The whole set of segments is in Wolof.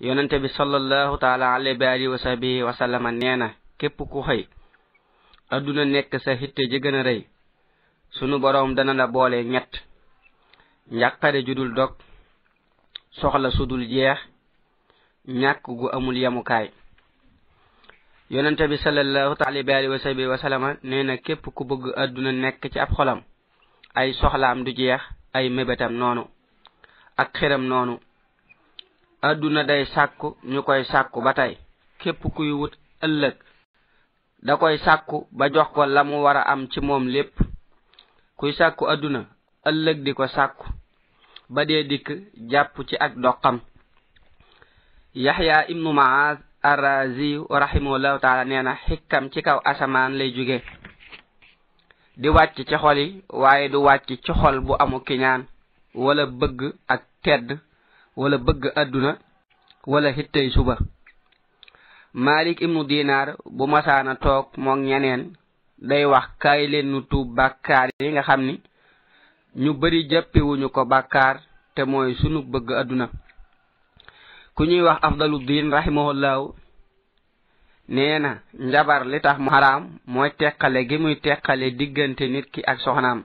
yonente bi sallallahu taala alayhi wa alihi wa sahbihi wa sallam neena képp ku xëy aduna nekk sa xitte ji gën a rëy sunu boroom dana la boole ñett njàqare judul dog soxla sudul jeex ñàkk gu amul yamukaay yonente bi sallallahu taala bi alihi wa sahbihi wa sallama neena képp ku bëgg aduna nekk ci ab xolam ay soxlaam du jeex ay mëbetam noonu ak xiram noonu àdduna day sàkku ñu koy sàkku ba tey képp kuy wut ëllëg da koy sàkku ba jox ko la mu war a am ci moom lépp kuy sàkku àdduna ëllëg di ko sàkku ba dee dikk jàpp ci ak doxam yaxya ibnu maaz arraziyu rahimahullahu taala nee na xikkam ci kaw asamaan lay jóge di wàcc ci xol yi waaye du wàcc ci xol bu amu kiñaan walla bëgg ak tedd wala bëgg àdduna wala xittay suba malik ibnu dinaar bu masaana toog moo ñeneen day wax kaay leen nu tuub bàkkaar yi nga xam ni ñu bari jàppewuñu ko bàkkaar te mooy sunu bëgg àdduna ku ñuy wax afdaluddin rahimahullahu nee na njabar li tax mu xaraam mooy teqale gi muy teqale diggante nit ki ak soxnaam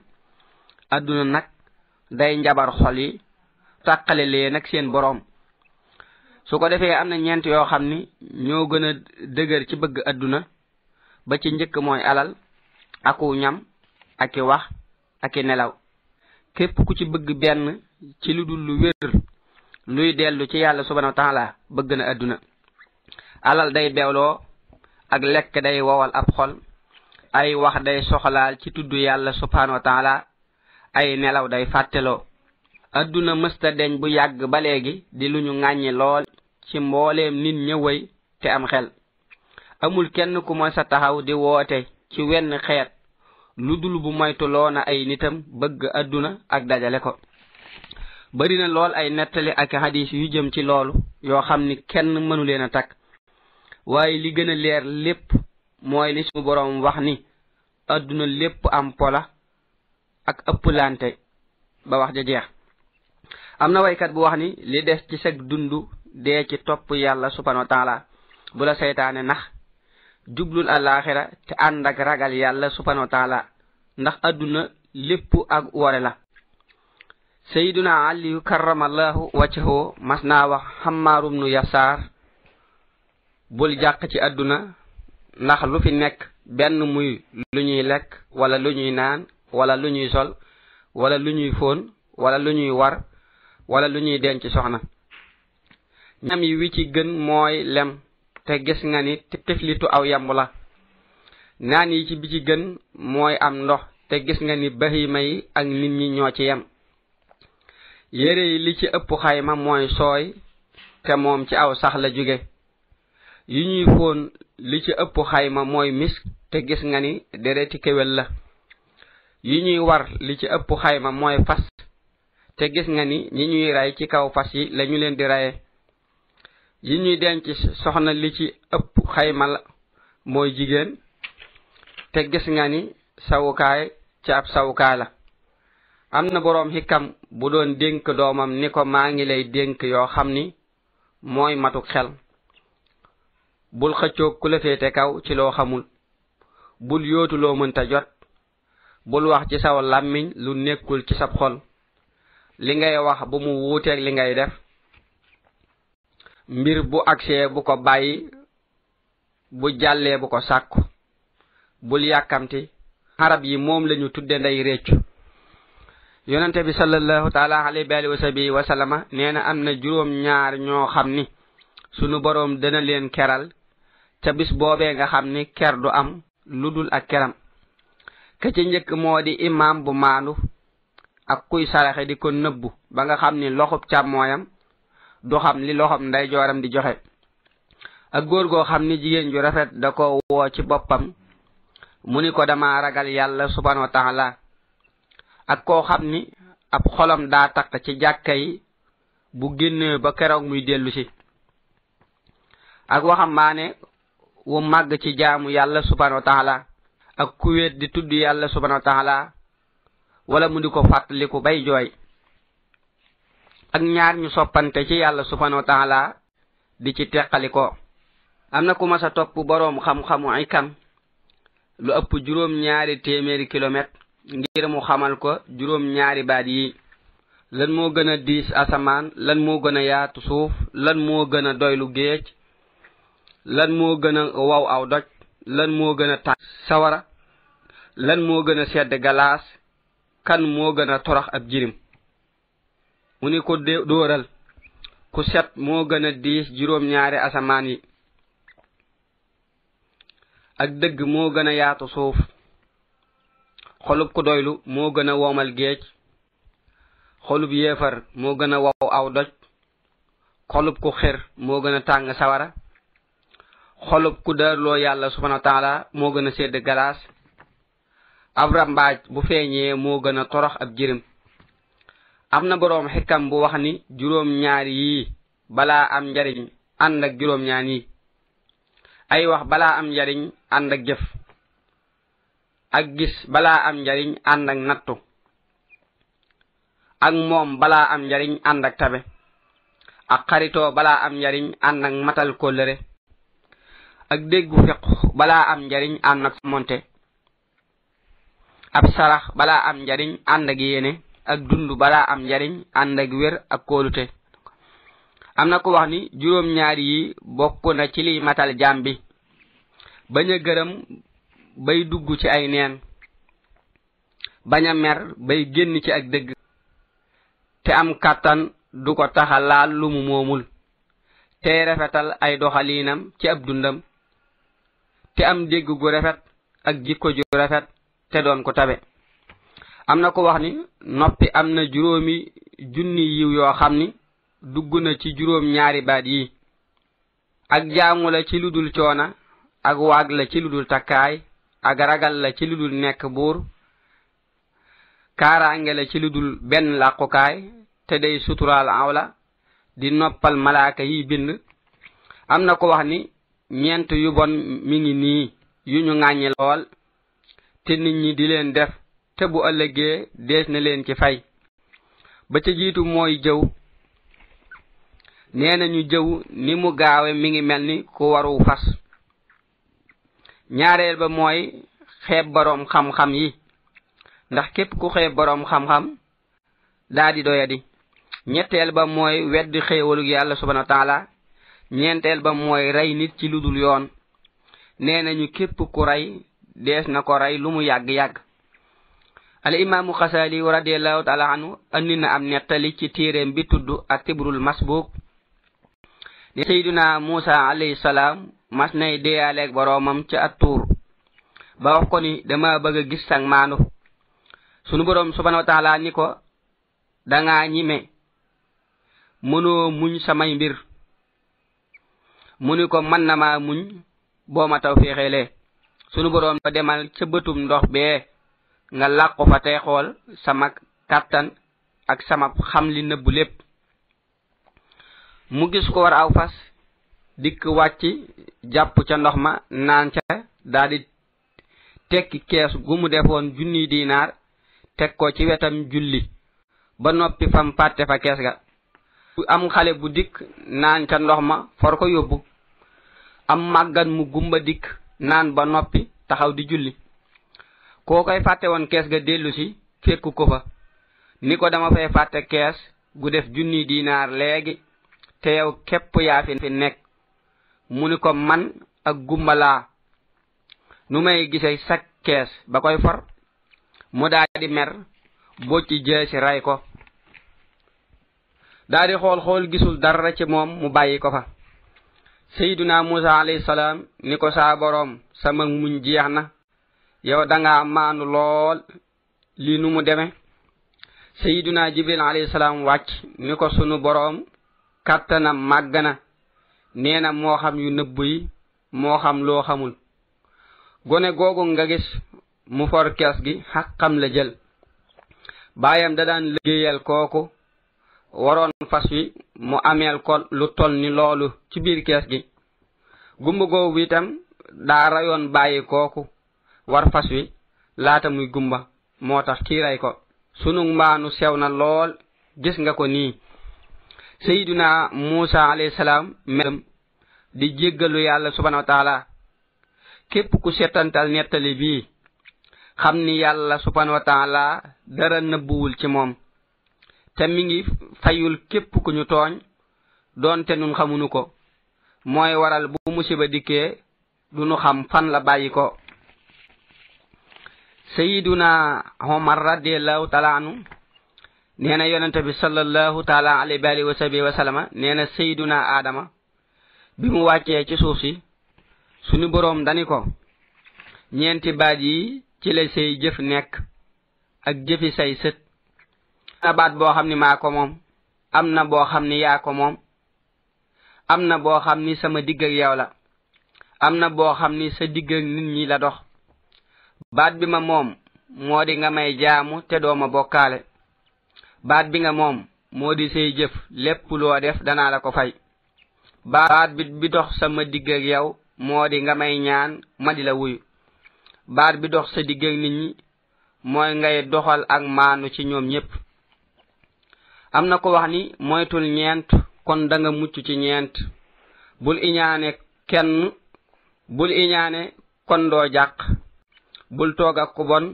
àdduna nag day njabar xol yi tàqale leen ak seen boroom su ko defee am na ñeent yoo xam ni ñoo gën a dëgër ci bëgg àdduna ba ci njëkk mooy alal aku ñam aki wax aki nelaw képp ku ci bëgg benn ci lu dul lu wér luy dellu ci yàlla subhanahu wa taala bëgg na àdduna alal day beewloo ak lekk day wowal ab xol ay wax day soxlaal ci tudd yàlla subhanahu wa taala ay nelaw day fàtteloo adduna mësta deñ bu yàgg ba léegi di lu ñu ŋàññi lool ci mbooleem nit ña wéy te am xel amul kenn ku masa taxaw di woote ci wenn xeet lu dul bu moytu loona ay nitam bëgg àdduna ak dajale ko bari na lool ay nettali ak xadis yu jëm ci loolu yoo xam ni kenn mënu leen a takk waaye li gën a leer lépp mooy li suñu boroom wax ni àdduna lépp am pola ak ëpplante ba wax ja jeex am na waykat bu wax ni li des ci sag dund dee ci topp yàlla subhanahu wa taala bu la seytaane nax jublul alaxira te ànd ak ragal yàlla subhanahu wa ndax àdduna lépp ak wore la sayiduna aliyu karamallahu wajhahu mas naa wax xammaarum nu yasaar bul jàq ci àdduna ndax lu fi nekk benn muy lu ñuy lekk wala lu ñuy naan wala lu ñuy sol wala lu ñuy fóon wala lu ñuy war wala lu ñuy denc soxna ñam yi wi ci gën mooy lem te gis nga ni teflitu aw yamb la naan yi ci bi ci gën mooy am ndox te gis nga ni bahima yi ak nit ñi ñoo ci yem yére yi li ci ëpp xayma mooy sooy te moom ci aw sax la jóge yu ñuy fóon li ci ëpp xayma mooy misk te gis nga ni dereti kéwél la yu ñuy war li ci ëpp xayma mooy fas te gis nga ni ñi ñuy ray ci kaw fas yi lañu leen di raye yi ñuy denc soxna li ci ëpp xayma la mooy jigéen te gis nga ni sawukaay ci ab sawukaay la am na boroom xikam bu doon dénk doomam ni ko maa ngi lay dénk yoo xam ni mooy matuk xel bul xëccoog ku la féete kaw ci loo xamul bul yootuloo loo mënta jot bul wax ci saw làmmiñ lu nekkul ci sab xol li ngay wax bu mu wuuteeg li ngay def mbir bu agsee bu ko bàyyi bu jàllee bu ko sàkku bul yàkkamti arab yi moom la ñu tudde nday réccu yonente bi salallahu taala alayhi bialihi wasabi wasalama nee na am na juróom ñaar ñoo xam ni sunu boroom dana leen keral ca bis boobee nga xam ni ker du am ludul ak keram ka ca njëkk moo di imaam bu maanu ak kuy saraxe di ko nëbbu ba nga xam ni loxob càmmooyam du xam li loxob ndeyjooram di joxe ak góor goo xam ni jigéen ju rafet da ko woo ci boppam mu ni ko dama ragal yàlla subhanahu wa ak koo xam ni ab xolam daa takk ci jàkka yi bu génnee ba keroog muy dellu si ak waxambaane wu màgg ci jaamu yàlla subhanahu wa ak kuwéet di tudd yàlla subhanahu wa wala mu di ko fàttaliku bay jooy ak ñaar ñu soppante ci yàlla subhanahu wa taala di ci teqali ko am na ku mas a topp boroom xam-xamu ikam lu ëpp juróom ñaari téeméeri kilomètre ngir mu xamal ko juróom ñaari baat yi lan moo gën a diis asamaan lan moo gën a yaatu suuf lan moo gën a doylu géej lan moo gën a waw aw doj lan moo gën a sawara lan moo gën a sedd galaas kan moo gën a torox ak jirim mu ne ko dóoral ku set moo gën a diis juróom-ñaari asamaan yi ak dëgg moo gën a yaatu suuf xolub ku doylu moo gën a woomal géej xolub yéefar moo gën a wow aw doj xolub ku xir moo gën a tàng sawara xolub ku daarloo yàlla subhanahu moo gën a sedd galaas ab rambaaj bu feeñee moo gën a torox ab jërëm am na boroom xikam bu wax ni juróom-ñaar yii balaa am njariñ ànd ak juróom-ñaan yi ay wax balaa am njariñ ànd ak jëf ak gis balaa am njariñ ànd ak nattu ak moom balaa am njariñ ànd ak tabe ak xaritoo balaa am njariñ ànd ak matal kóllëre ak déggu fiq balaa am njariñ ànd ak monte ab sarax balaa am njariñ ànd ak yéene ak dund balaa am njariñ ànd ak wér ak kóolute am na ko wax ni juróom ñaar yi bokk na ci liy matal jaam bi bañ a gërëm bay dugg ci ay neen bañ a mer bay génn ci ak dëgg te am kàttan du ko taxa laal lu mu moomul tey rafetal ay doxaliinam ci ab dundam te am dégg gu rafet ak jikko ju rafet te doon ko tabe am na ko wax ni noppi am na juróomi junni yiw yoo xam ni dugg na ci juróom ñaari baat yi ak jaamu la ci lu dul coona ak waag la ci lu dul takkaay ak ragal la ci lu dul nekk buur kaaraange la ci lu dul benn làqukaay te day suturaal awla di noppal malaaka yi bind am na ko wax ni ñeent yu bon mi ngi nii yu ñu ŋàññi lool te nit ñi di leen def te bu ëllëgee dees na leen ci fay ba ca jiitu mooy jëw nee nañu jëw ni mu gaawe mi ngi mel ni ku waru fas ñaareel ba mooy xeeb boroom xam-xam yi ndax képp ku xeeb boroom xam-xam daa di doyadi ñetteel ba mooy wedd xéewalug yàlla subhanahu wa taala ñeenteel ba mooy rey nit ci lu yoon nee nañu képp ku rey dees na ko rey lu mu yàgg-yàgg al imaamu xasaali radiallahu taala anhu andi na am nettali ci téeréem bi tudd ak tibrul masbuuk ne seyduna muusa alayhi salaam mas nay deyaaleeg boroomam ci at tuur ba wax ko ni dama bëgg a gis sang maandu sunu boroom subhanahu wa ni ko dangaa ñime mënoo muñ samay mbir mu ni ko mën na maa muñ boo ma taw sunu boroom ko demal ca bëtum ndox bee nga làqu fa tey xool sama kàttan ak sama xam li nëbbu lépp mu gis ko war aw fas dikk wàcc jàpp ca ndox ma naan ca daldi tekki kees gu mu defoon junniy diinaar teg ko ci wetam julli ba noppi fam fàtte fa kees ga am xale bu dikk naan ca ndox ma for ko yóbbu am màggan mu gumba dikk naan ba noppi taxaw di julli koo koy fàtte woon kees ga dellusi fekku ko fa ni ko dama fay fàtte kees gu def junni dinaar léegi te yow képp yaa fi nekk mu ni ko man ak gumbalaa nu may gise sag kees ba koy for mu daldi mer bocc jeesi ray ko daldi xool xool gisul dara ci moom mu bàyyi ko fa sayyiduna Musa alayhi salaam ni ko saa boroom sama muñ jeex na yow danga maanu lool lii nu mu deme sayyiduna Jibril alayhi salaam wàcc ni ko sunu boroom kàttanam màgg na nee moo xam yu nëbb yi moo xam loo xamul gone googu nga gis mu for gi xaqam la jël baayam da daan liggéeyal kooku waroon fas wi mu ameel ko lu toll ni loolu ci biir kees gi gumba googu itam daa rayoon bàyyi kooku war fas wi laata muy gumba moo tax kii ray ko sunu mbaanu sew na lool gis nga ko nii sayiduna muusa alayhi salaam melam di jéggalu yàlla subhanahu wa képp ku setantal nettali bii xam ni yàlla subhanahu wa dara nëbbuwul ci moom te mi ngi fayul képp ku ñu tooñ doonte nu xamunu ko mooy waral bu musiba dikkee du nu xam fan la bàyyi ko sayiduna omar radiallahu taala anu nee na yonente bi salallahu taala alayhi wa alihi wa na aadama bi mu wàccee ci suuf si suñu boroom dani ko ñeenti baaj yi ci la say jëf nekk ak jëfi say sët na baat boo xam ni maa ko moom am na boo xam ni yaa ko moom am na boo xam ni sama digg ak yow la am na boo xam ni sa digg ak nit ñi la dox baat bi ma moom moo di nga may jaamu te doo ma bokkaale baat bi nga moom moo di say jëf lépp loo def danaa la ko fay baat bi bi dox sama digg ak yow moo di nga may ñaan ma di la wuyu baat bi dox sa digg ak nit ñi mooy ngay doxal ak maanu ci ñoom ñépp amna ko wax ni moytul ñent kon da nga muccu ci ñent bul iñane kenn bul iñane kon do jaq bul toga ku bon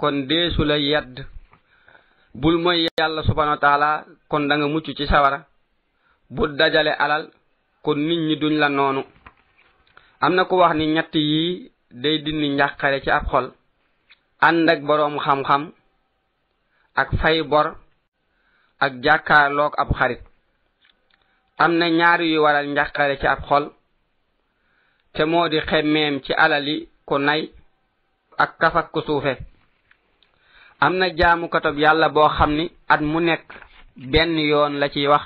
kon desula yedd bul moy yalla subhanahu wa ta'ala kon da nga muccu ci sawara bul dajale alal kon nit ñi duñ la nonu amna ko wax ni ñett yi day dindi ñakare ci ab xol and ak borom xam xam ak fay bor ak jàkkaarloog ab xarit am na ñaar yu waral njàqare ci ab xol te moo di xemmeem ci alali ku nay ak kafak suufe am na jaamukatob yàlla boo xam ni at mu nekk benn yoon la ciy wax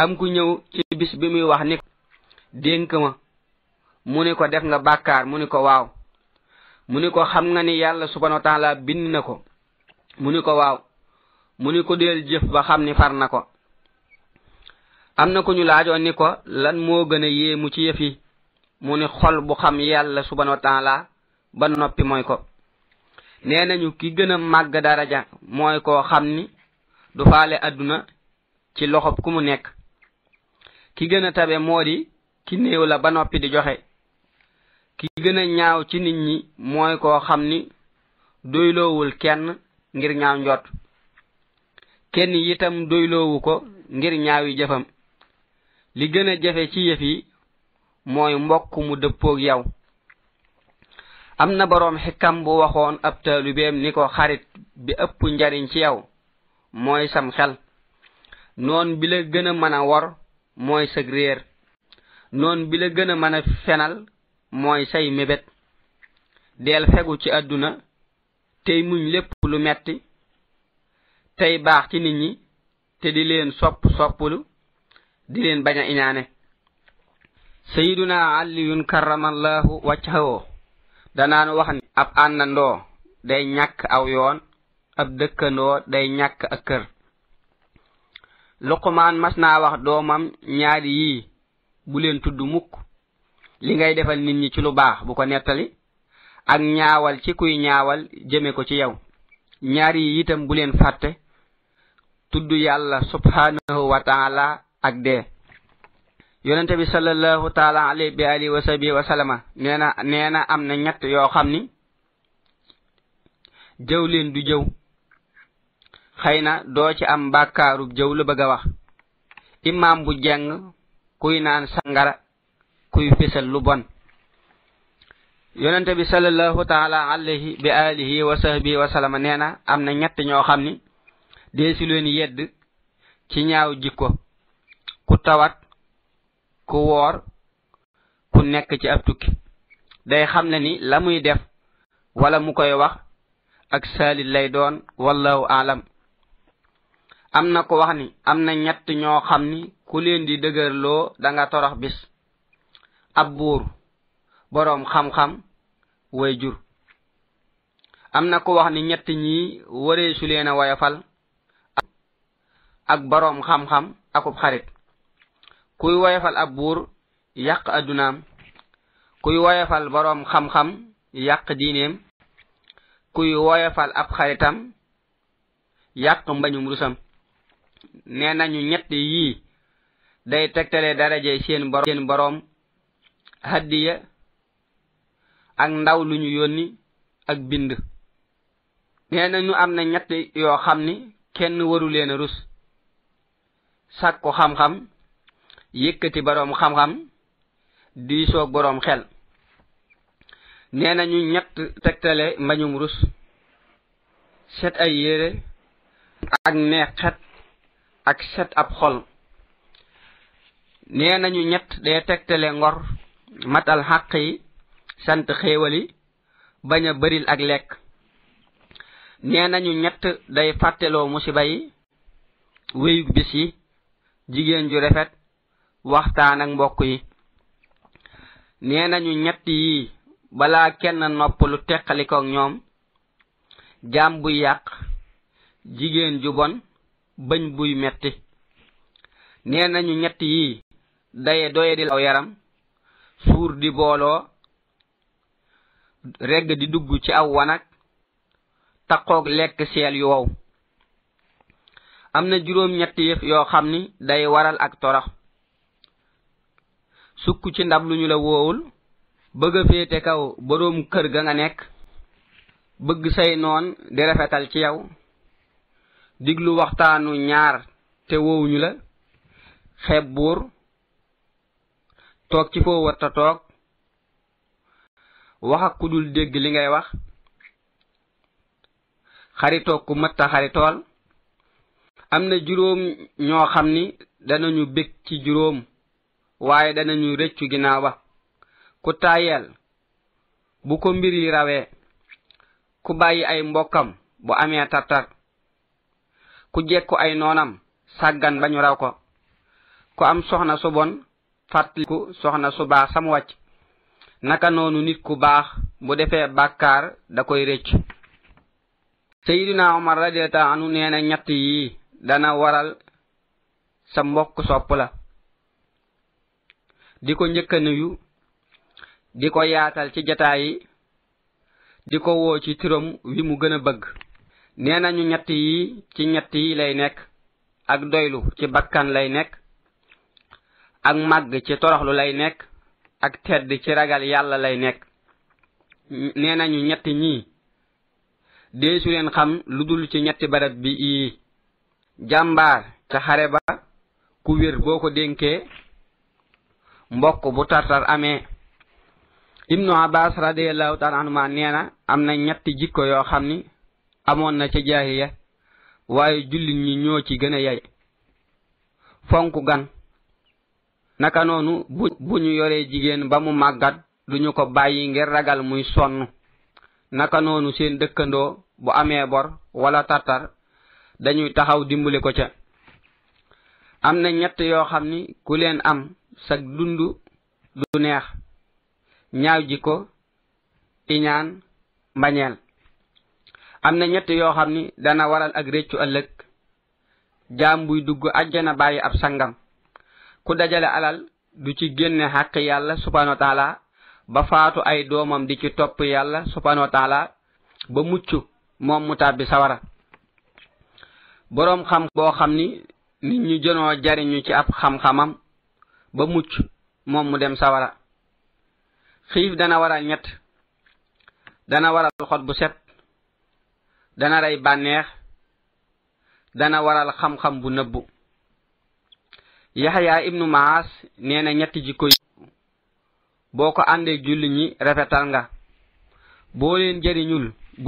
am ku ñëw ci bis bi muy wax ni dénk ma mu ni ko def nga bàkkaar mu ni ko waaw mu ni ko xam nga ni yàlla subhanahu wa bind na ko mu ni ko waaw mu ni ko deel jëf ba xam ni far na ko am na ko ñu laajoon ni ko lan moo gën a yéemu ci yëf yi mu ni xol bu xam yàlla subhanahu wa taala ba noppi mooy ko nee nañu ki gën a màgg daraja mooy koo xam ni du faale àdduna ci loxo ku mu nekk ki gën a tabe moo di ki néew la ba noppi di joxe ki gën a ñaaw ci nit ñi mooy koo xam ni doyloowul kenn ngir ñaaw njot kenn itam doyloowu ko ngir ñaawi jëfam li gën a jafe ci yëf yi mooy mbokk mu dëppoog yow am na boroom xikam bu waxoon ab taalubeem ni ko xarit bi ëpp njariñ ci yow mooy sam xel noon bi la gën a mën a wor mooy sëg réer noon bi la gën a mën a fenal mooy say mébét del fegu ci àdduna tey muñ lépp lu metti tey baax ci nit ñi te di leen sopp soppulu di leen bañ a iñaane sayiduna aliyun karamallahu wajhahu danaan wax ni ab àndandoo day ñàkk aw yoon ab dëkkandoo day ñàkk ak kër luqumaan mas naa wax doomam ñaari yii bu leen tudd mukk li ngay defal nit ñi ci lu baax bu ko nettali ak ñaawal ci kuy ñaawal jëme ko ci yow ñaari yi itam bu leen fàtte tudd yàlla subhaanahu wa taala ak dee yonente bi sallallahu taala alayhi bi alihi wa sahbihi wa nee na na am na ñett yoo xam ni jëw leen du jëw xëy na doo ci am bàkkaarub jëw lu bëgg a wax imaam bu jeng kuy naan sangara kuy fésal lu bon yonente bi sallallahu taala alayhi bi alihi wa sahbihi wa am na ñett ñoo xam ni deesu leen yedd ci ñaaw jikko ku tawat ku woor ku nekk ci ab tukki day xam ne ni la muy def walla mu koy wax ak saalit lay doon wallahu alam am na ko wax ni am na ñett ñoo xam ni ku leen di dëgërloo danga torox bis ab buur boroom xam-xam way jur am na ko wax ni ñett ñi wareesu leen a woyofal ak boroom xam-xam akub xarit kuy woyefal ab buur yàq àddunaam kuy woyefal boroom xam-xam yàq diineem kuy woyefal ab xaritam yàq mbañum rusam nee nañu ñett yii day tegtale daraje seen boroom seen boroom ak ndaw lu ñu yónni ak bind nee nañu am na ñett yoo xam ni kenn waru leen a rus sakko xam-xam yëkkati boroom xam-xam diisoog Nia xel nee nañu ñett tegtale mbañum rus set ay yére ak neexet ak set ab xol nee ñett tegtale ngor matal xàq yi sant xéewali bañ a bëril ak lekk nee ñett day musiba yi wéyug bis yi jigéen ju rafet waxtaan ak mbokk yi nee nañu ñett yi balaa kenn lu teqalikook ñoom jaam buy yàq jigéen ju bon bëñ buy metti nee nañu ñett yi daye doyadil aw yaram suur di booloo regg di dugg ci aw wanag taqoog lekk seel yu wow am na juróom ñetti yëf yoo xam ni day waral ak torox sukk ci ndab lu ñu la woowul bëgg a féete kaw boroom kër ga nga nekk bëgg say noon di rafetal ci yow diglu waxtaanu ñaar te woowuñu la xeeb buur toog ci foo warta toog wax ak ku dul dégg li ngay wax xaritoog ku mëtta xaritool am na juróom ñoo xam ni danañu bég ci juróom waaye danañu rëccu ginnaaw ba ku tayel bu ko mbir yi rawee ku bàyyi ay mbokkam bu amee tartar ku jekku ay noonam sàggan ba ñu raw ko ku am soxna su bon fàttaliku soxna su baax sam wàcc naka noonu nit ku baax bu defee bàkkaar da koy rëcc Seydina Omar radiyallahu anhu nee na ñett yi dana waral sa mbokk sopp la di ko njëkka nuyu di ko yaatal ci jataay yi di ko woo ci turam wi mu gën a bëgg nee nañu ñett yi ci ñett yi lay nekk ak doylu ci bakkan lay nekk ak màgg ci toroxlu lay nekk ak tedd ci ragal yàlla lay nekk nee nañu ñett ñii deesu xam lu dul ci ñetti barab bi yii jàmbaar ca xare ba ku wér boo ko dénkee mbokk bu tartar amee ibnu abbas radiallahu taala anhuma nee na am na ñetti jikko yoo xam ni amoon na ca jaahiya waaye jullit ñi ñoo ci gën a yay fonk gan naka noonu bu ñu yoree jigéen ba mu màggat ñu ko bàyyi ngir ragal muy sonn naka noonu seen dëkkandoo bu amee bor wala tartar dañuy taxaw dimbali ko ca am na ñett yoo xam ni ku leen am sag dund du neex ñaaw ko iñaan mbañeel am na ñett yoo xam ni dana waral ak réccu ëllëg jaam buy dugg àjjana bàyyi ab sangam ku dajale alal du ci génne xàq yàlla subhaanahu wa ba faatu ay doomam di ci topp yàlla subhaanahu wa ba mucc moom mu tàbbi sawara boroom xam boo xam ni nit ñu jënoo jariñu ci ab xam-xamam ba mucc moom mu dem sawara xiif dana waral ñett dana waral xot bu set dana rey bànneex dana waral xam-xam bu nëbbu yaxyaa ibnu maas nee na ñetti jikko yi boo ko àndee julli ñi rafetal nga boo leen jëriñul